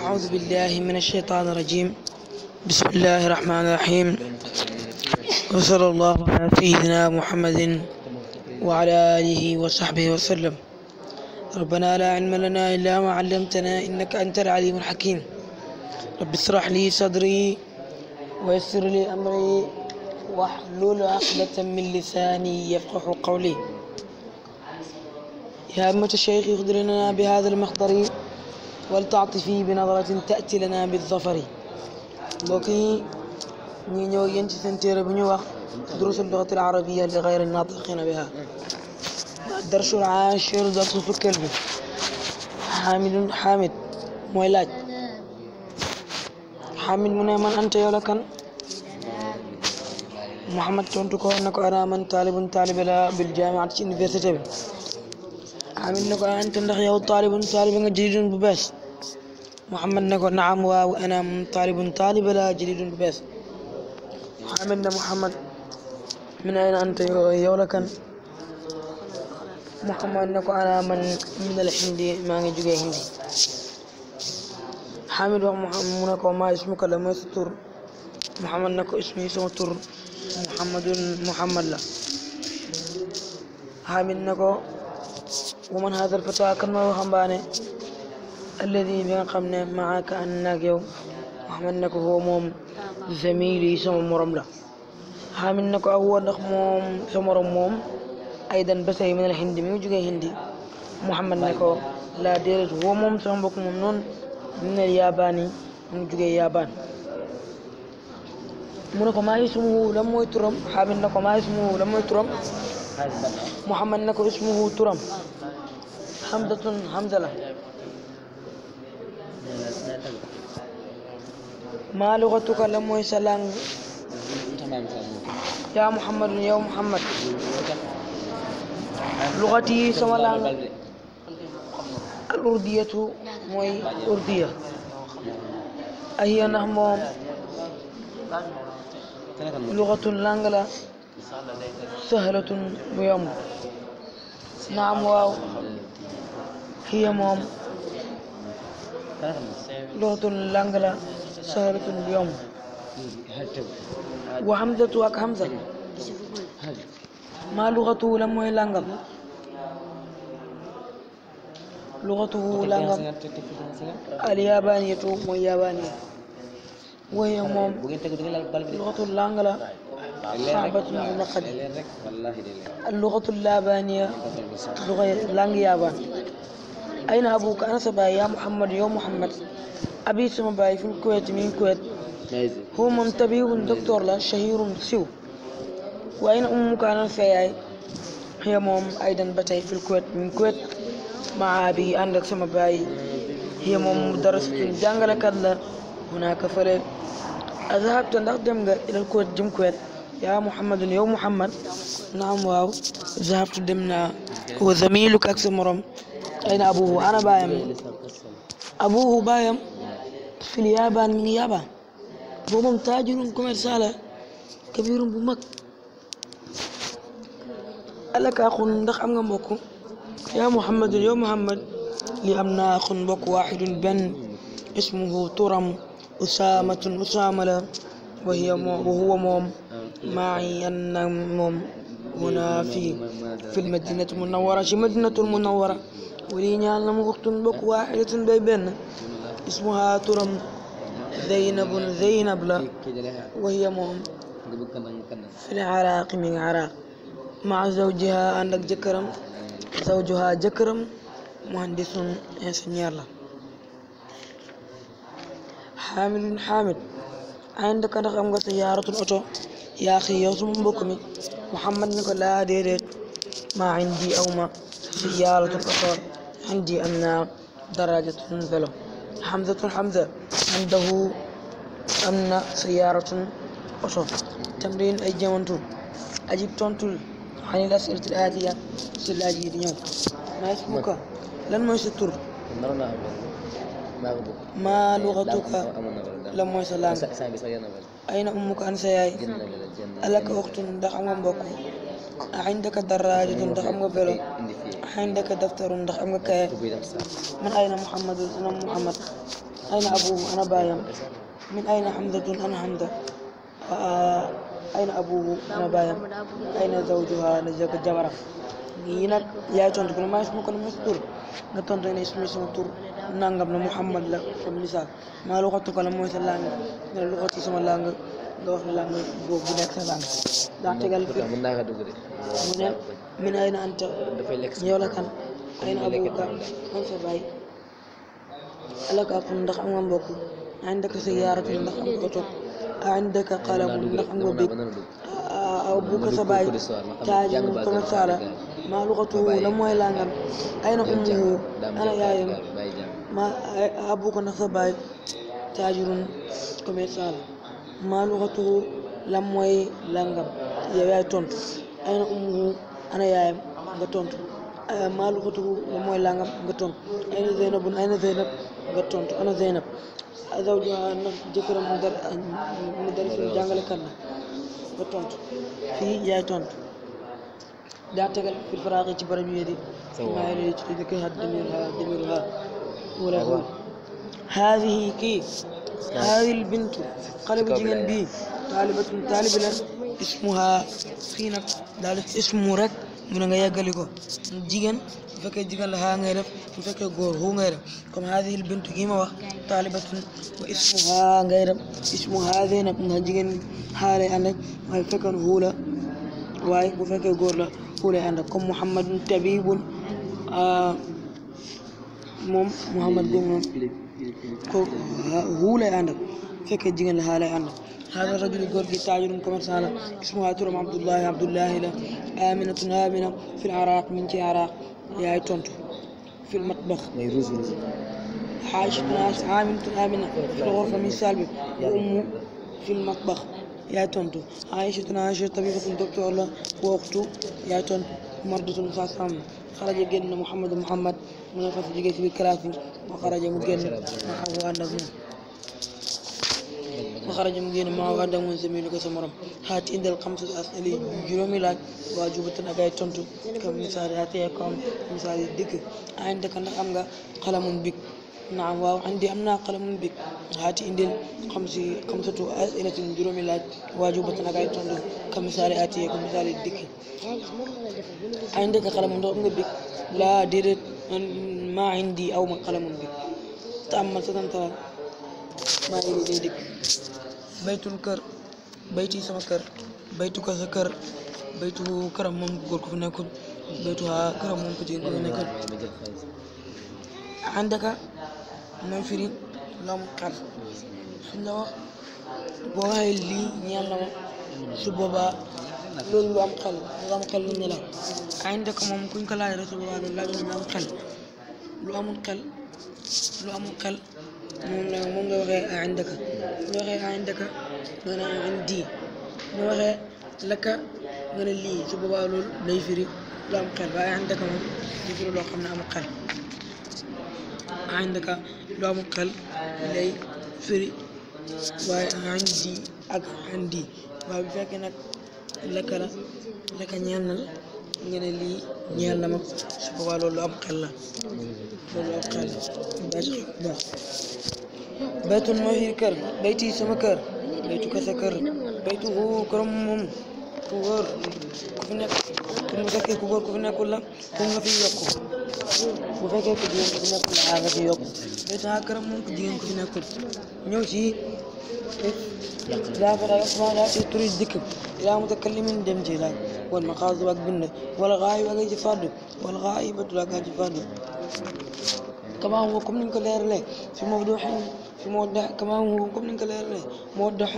أعوذ بالله من الشيطان الرجيم بسم الله الرحمن الرحيم وصلى الله على سيدنا محمد وعلى آله وصحبه وسلم ربنا لا علم لنا إلا ما علمتنا إنك أنت العليم الحكيم رب اشرح لي صدري ويسر لي أمري واحلل عقدة من لساني يفقه قولي يا أمة الشيخ خذ لنا بهذا المخضر wal taatifi bi nadratin taati lana bi zafari mbokk yi ñuy ñëw yéen ci seen téere bu ñu wax دروس اللغة العربية لغير الناطقين بها الدرس العاشر درس في الكلب حامد حامد mooy laaj Hamid mu ne man anta yow la kan Mouhamed tontu ko ne ko ana man taalibun taalibe la bil jaamiat ci université bi Hamid ne ko anta ndax yow taalibun taalibe nga jëriñu bu bees Muhammad ne ko naam waaw ana taalibun taaliba laa jadidun bu bees Muhammad ne Muhammad min ayna anta yow la kan Muhammad ne ko ana man min al hindi maa ngi jógee hindi Hamid wax Muhammad mu ne ko maa ismuka la mooy sa tur Muhammad ne ko ismi sama tur Muhammadun Muhammad la Hamid ne ko wa man haadha al fataa kan ma waxambaane alladi bi nga xam ne maaka ànd naag yow Muhammad ne ko foo moom zamiili sama morom la xamit ne ko ak woo ndax moom sama morom moom aydan ba say minal hindi mi jógee hindi Muhammad ne ko laa déedéet woo moom sama mbokk moom noonu minal yaabaani mu jógee yaabaan mu ne ko maa ismuhu lan mooy turam xamit ne ko maa ismuhu lan mooy turam Muhammad ne ko ismuhu turam Hamdatun Hamza la maa luxatuka la mooy sa langue yaa Muhammad yow Muhammad luxati sama langue al urdiyatu mooy urdiya ahiya ndax moom luxatun langue la sahlatun bu yomb naam waaw hiya moom lootul lang la saharatul yom wa hamzatu ak hamza maa luxatuhu la mooy langam luxatuhu langam al yabaniyatu mooy yabaniya waaye moom luxatul lang la saabatun bu naqadi al luxatul labaniya luxa lang yabaan ayna abuka ana sa baay yaa Muhammad yow Muhammad abi sama baay fi Kuwait mi ngi Kuwait huwa moom tabibun docteur la shahirun siw wa ayna ummuka ana sa yaay hiya moom aydan ba tey fi Kuwait mi ngi Kuwait maa abi ànd ak sama baay hiya moom mudarrisatun jàngalekat la hunaka fële azhabta ndax dem nga ilal Kuwait jëm Kuwait yaa Muhammadun yow Muhammad naam waaw azhabtu dem naa wa zamiluka ak sa morom أين أبوه أنا بايم أبوه بايم في اليابان من اليابان بومم تاجر كوميرسال كبير بمك قال لك أخ ndax am nga mbokk يا محمد يا محمد لي am naa أخ mbokk واحد benn اسمه ترم أسامة أسامة la وهي وهو moom معي أن moom هنا في في المدينة المنورة في مدينة المنورة wali ñaal na ma uxtun mbokk waaxidatun bay benn ismuhaa turam zeynabun zeynab la wahiya moom fi lciraaqi mi ngi ciraaq maa zawjiha ànd ak jëkkëram zawjuha jëkkëram muhandisun ingénieur la am nga oto yaa xi yow mi muhammad ni ko laa déedéet maa indi aw oto عندي أن درجة ثلو حمزة حمزة عنده أن سيارة أصف تمرين أي جمنتو أجيب تونتول عن الأسئلة الآتية في الآتية اليوم ما اسمك؟ لن ما يستر ما لغتك لم ما سلام أين أمك أنسى ياي ألك أخت دعوة بكو indaka daraajatu ndax am nga vélo indaka daftaru ndax am nga kaye min ayna muhammadun ana muhammad ayna abuhu ana baayam min ayna hamdatun ana hamda ayna abuhu ana baayam ayna zawjuha ana jabaram yi nag yaay tontu ko ne maa la comme misaal maa luxatu ko la mooy sa langue ne luxatu nga wax ne lan mooy boobu bu nekk sa langue ndax tegal fi mën naa min ayna anta yow la kan ayna abuka man sa baay alaka akun ndax am nga mbokk indaka sayyaratun ndax am nga oto indaka qalamun abuka ah, ah, sa baay ah, taajimun maaluxatuhu lan mooy langam yow yaay tontu ayna ummuhu ana yaayam tontu euh, maaluxatuhu lan mooy langam nga tontu ayna zeynabun ayna zeynab nga tontu ana zeynab zawjuha nag jëkkëram mu dar mu dar suñu jàngalekat yaay tontu daa tegal fil ci barab yooyu di maa ci dëkk ha damiir ha damiir kii haadil bintu xale bu jigéen bii taalibatun taalibi la ismuha fii nag daal def ismu rek mu ne nga yeggali ko jigéen bu fekkee jigéen la haa ngay def bu fekkee góor hu ngay def comme haadil bintu gi ma wax taalibatun wa ismuha ngay def ismu haa zeynab ndax jigéen bi haa lay ànd ak waaye bu fekkee hu la waaye bu fekkee góor la hu lay ànd ak comme muhammadun tabibun moom muhammad gu moom ko hu lay ànd ak fekkee jigéen la xaa lay ànd hada rajul góor gi taajirun commerçant la ismuha turam abdullahi abdullahi la aminatun amina fil araq min ci araq yaay tontu fil matbax xaashatun aminatun amina fil xurfa min saal bi wa ummu fil matbax yaay tontu aïchatun aïcha tabibatun docteur la wa uxtu yaay tontu mardatun sa sam xaraja génn na muhammadu muhammad mu ne xas jógee ci biir classe bi wa xaraja mu génn ma xaw ànd ak moom wa xaraja mu génn ma xaw ànd ak moom sami ni ko sa morom xaat indal xamsu asali juróomi laaj waa jubatan ak ay tontu kam misaal yaa teye ko am misaal yi dikk ayn dëkk ndax am nga xalamun bik naam waaw andi am naa xalamun bik xaati indil xamsi xamsatu asilatin juróomi laaj waa jubatan ak ay tontu kam misaal yaa teye ko misaal yi dikk ayn dëkk xalamun ndax am nga bik laa déedéet ma indi aw ma xalamun bi tàmmal satantal maa ngi nii dikk baytul kër bayti sama kër baytu ko sa kër baytu këram moom góor ko fi nekkul baytu xaa këram moom ko jigéen ko fi nekkul àndaka mooy firi lam xar suñ la wax boo waxee lii ñeel loolu lu am xel lu am xel lu ñu la ay ndek moom kuñ ko laaj rasulullah laaj lu am xel lu amul xel lu amul xel moom la moom nga waxee ay ndek ñu waxee ay ndek nga ne indi ñu waxee laka nga ne lii su boobaa loolu day firi lu am xel waaye ay ndek moom di firi loo xam ne amul xel ay ndek lu amul xel lay firi waaye indi ak indi waaye bu fekkee nag lekk la lekk ñaanal nga ne lii ñeel na ma su boobaa loolu am xel la loolu am xel la baytul mahir kër bayti sama kër baytu ko sa kër baytu këram moom ku wóor ku fi nekk ku mu fekkee ku wóor ku fi nekkul la ku nga fi yokku bu fekkee ku jigéen ku fi nekkul la nga fi yokku baytu këram moom ku jigéen ku fi nekkul ñëw ci اختلاف الأصوات في طول الذكر إلى متكلم دمجلا والمخاض وقبنا والغائب أجي فرد والغائبة أجي فرد كما هو كم نك ليرلي في موضوع في موضوع كما هو كم نك ليرلي موضوع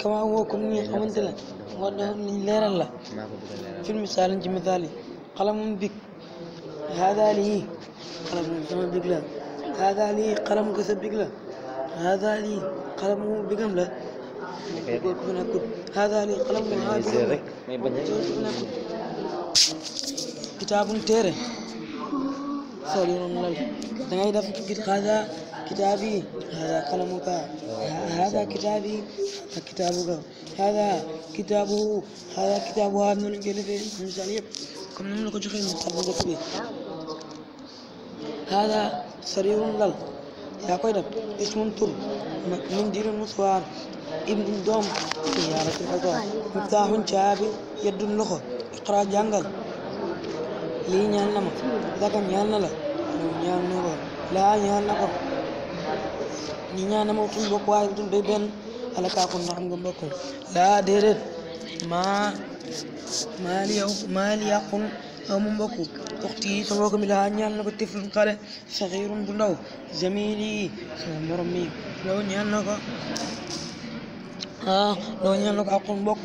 كما هو كم نك خمنت له موضوع ليرل له في المثال انت مثالي قلم بك هذا لي قلم بك له هذا لي قلم كسب بك له هذا لي xalamu bi gam la góor ku fi nekkul haadaa lii xalamu haa bi gam la góor ku fi nekkul kitaabun téere sol yi noonu lal da ngay def haadaa kitaabi haadaa xalamu ka haadaa kitaabi ak kitaabu ka haadaa kitaabu haadaa kitaabu haa noonu ngeen defee misaal yëpp comme ni mu la ko joxee misaal bu njëkk bi haadaa sariirun lal yaa koy def ismun tur mindilun musuwaar ibnun doom iyaaratul fasaar miftaaxun caabi yeddun loxo iqra jàngal lii ñaan na ma laka ñaan na na ko laa ñaan na ko ñi ñaan na ma bokk waaye duñ doy benn alakaakun na xam nga laa déedéet maa maa li yàqun amu mbokk uxti sama ko mi laa ñaan na ko tiflun xale saxiirun bu ndaw jamili sama law ñaan na ko ah law ñaan na ko aqun mbokk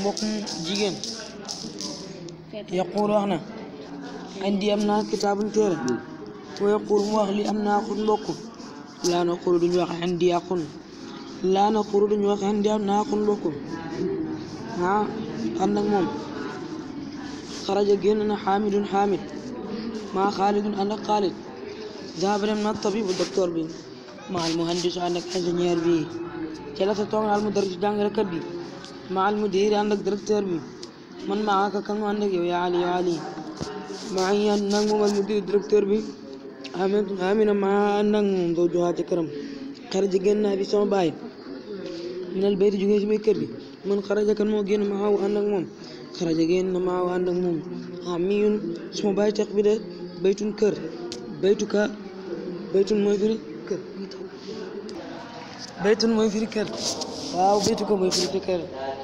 mbokkum jigéen yaquul wax na andi am naa kitaabun téere wa yaquul mu wax li am naa aqun mbokk laa na xuru duñu wax andi aqun na xuru duñu wax andi am naa aqun mbokkum ah ànd ak moom xaraja génn na xaamidun xaamid maa xaalidun ànd ak xaalid zahaba dem na tabibu docteur bi maa al muhandis ànd ak ingénieur bi jalasa toog na al mudarris jàngalekat bi maa al mudir ànd ak directeur bi man maa ka kan ànd ak yow yaa ali yaa ali maa ngi ànd nag moom al mudir directeur bi amina maa ànd ak moom zawjuha ci këram xaraja génn naa bi sama baay minal bayt jógee ci biir kër gi man xaraja kan moo génn maa ànd ak moom xaraja génn na maa ànd ak moom ah, mi yun suma bàyyi tex bi de baytun kër baytu ka mooy firi kër baytun mooy firi kër waaw baytu ka mooy firi kër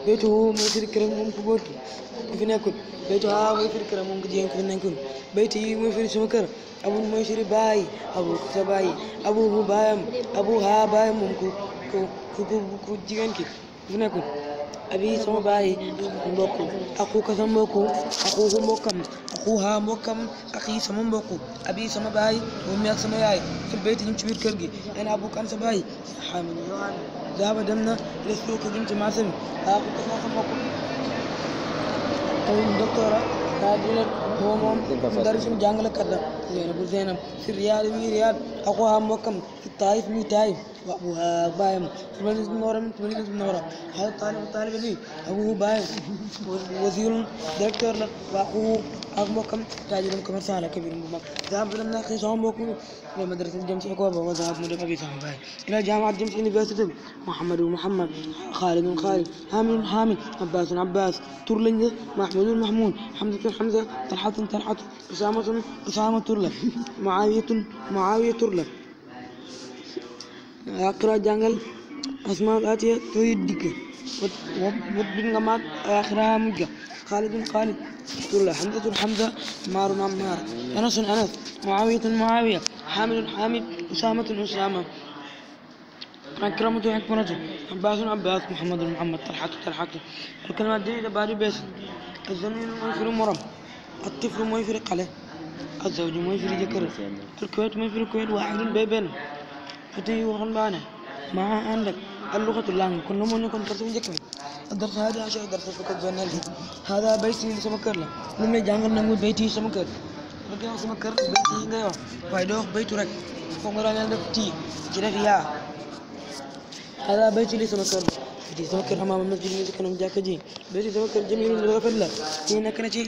baytu wu mooy firi kër moom ku góor ki ku fi nekkul baytu waaw mooy firi kër moom ku jigéen ku fi nekkul baytu yi mooy firi suma kër abun mooy firi ku sa ku ku ku jigéen ki ku abi sama baay mbokk aku ka sama mbokk akuhu mbokkam akuha mbokkam aki sama mbokk abi sama baay ummi ak sama yaay fil bayti ñu ci biir kër gi ana abu kan sa baay hamil yohan daba dem na lesu ko jëm ci marché bi aku ka sama mbokk ay doctora daa dina moom moom mudarrisu jàngalekat la Zeynab Zeynab si Riyaad mi Riyaad axuhaa mbokkam si Taayif mi Taayif wa abuhaa baayam Tunis nooram Tunis noora xaw taalibu taalibe bi abuhu baayam wasiirun directeur la wa axuhu ak mbokkam taajiram commerçant la kabir bu mag zaam na xëy sama mbokk mu madrasa jëm ci école ba wa zaam mu dem abi sama baay ila jaamaat jëm ci université bi Muhammadun Muhammad Xaalidun Xaalid Haamidun Haamid Abbaasun Abbaas tur lañ la Mahmudun Mahmud Hamzatun Hamza Talhatun Talhat Usaamatun Usaama tur la Muaawiyatun Muaawiya tur la aqra jàngal asmaul atiya tooy digg wut bi nga maag axiraha mujj ga xaalidun xaalid astula hamdatun hamda maarun ammaar anasun anas muawiyatun muawiya xaamidun xaamid usaamatun usaama akramatu akramatu abbaasun abbaas muhammadun muhammad talxatu talxatu alkalimaat jadida baari bees azamiinu mooy firi morom attiflu mooy firi xale azawju mooy firi jëkkër alkuwet mooy firi kuwet waaxidun bay benn ati waxan baane maa ànd ak اللغة اللغة kon moom moo nekkoon dars bu njëkk bi dars hada a cheikh dars fukk ak juróom-ñaar bi hada bayti sama kër la lu may jàngal nangu bayti sama kër da ngay wax sama kër bayti ngay wax waaye doo wax baytu rek foog nga daal def tii ci def yaa hada bayti sama kër bayti sama kër ji bayti sama kër jamilu rafet la ñii nekk na ci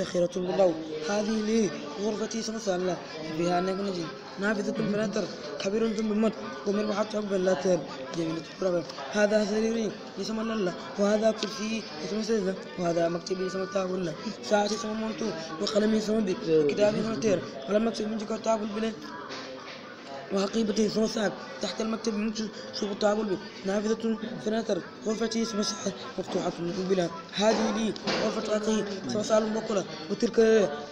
ذخيرة الغلو هذه لي غرفتي سمسا لا فيها نجنجي نافذة الفلاتر خبير بالمت قمر وحتى باللاتر جميلة التراب هذا سريري يسمى الله وهذا كرسي يسمى سيدة وهذا مكتبي يسمى تابل ساعتي يسمى مونتو وقلمي يسمى بي وكتابي يسمى تير ولم أكتب من جكر تابل بلي وحقيبتي ثم ساك تحت المكتب من شوف الطابل بي نافذة فناتر غرفتي ثم مفتوحة بلا هذه لي غرفة أخي ثم سالم بكرة وتلك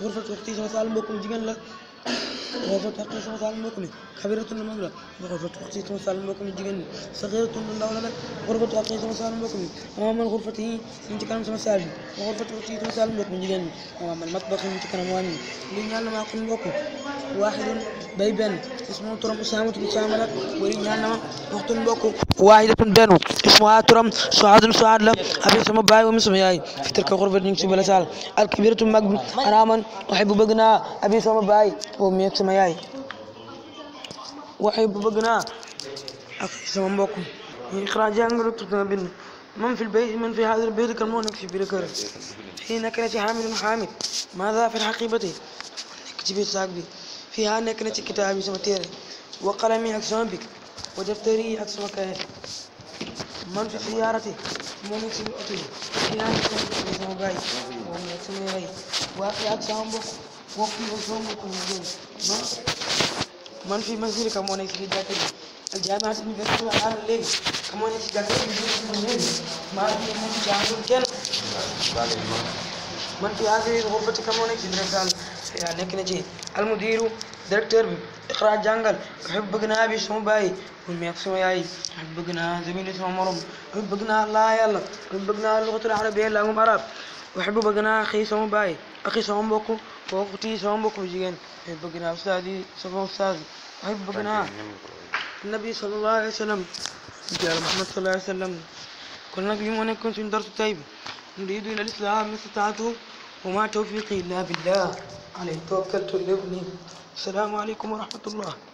غرفة أختي ثم سالم بكرة جبن لك waxoo tax soo Sall moo ko ne xabiratu la mag la waxoo tax soo Sall moo ko ne jigéen ñi saxiiratu lu ndaw la nag waxoo tax soo Sall moo ko ne ama man xurfati yi ñu ci kanam sama saal bi waxoo tax soo Sall moo ko ne jigéen ñi ama man mat baxi ñu ci kanam wàññi li ñaan la maa ko mbokk waaxidun bay benn ismu turam usaamatu usaama la wari ñaan na ma waxtu mbokk waaxidatun benn ismuha turam suadun suad la abi sama baay wami sama yaay fitir ka xurfat ñu ngi si bala saal alkabiratu mag bi anaaman waxi bu bëgg naa abi sama baay wami sama yaay waxee bu bëgg naa ak sama mbokk xanaa jàng nga rëkk dana bind man fi bay man fi haadal bayt kan moo nekk ci biir kër fii nekk na ci xaamidun xaamid maada fi xaqibati nekk ci biir saag bi fii haa nekk na ci kitaab yi sama téere wa qalami ak sama bik wa daftari ak sama kaye man fi siyaarati moo nekk ci biir oto yi fii haa nekk na ci sama baay moo nekk sama yaay waa ak sama mbokk foofu yow soo ko ñu génn man man fii man fii ka moo nekk si jàkka ji jaanaat ñu def sama àll léegi ka moo nekk si jàkka ji ñu léegi maa ngi leen di jaangul kenn man fii àgg yi xobbati ka moo nekk si directeur yaa nekk na ci almudiru directeur bi xaraa jàngal xëy bëgg naa bi sama bàyyi mun meek sama yaay xëy bëgg naa zamini sama morom xëy bëgg naa laa yàlla xëy bëgg naa luxatul arabiyya laa moom arab wax bu bëgg naa xëy sama bàyyi ak sama mbokk kooku tii sama mbokk bu jigéen bëgg naa ustaas yi sama ustaas ay bëgg naa nabi sallallahu alayhi wa sallam jàll Muhammad sallallahu alayhi wa sallam kon nag li moo nekkoon suñu darsu tey bi nuriidu ila al-islaah ma stataatu wa ma tawfiqi illa billah alayhi tawakkaltu ilaihi salaamu aleykum wa rahmatullah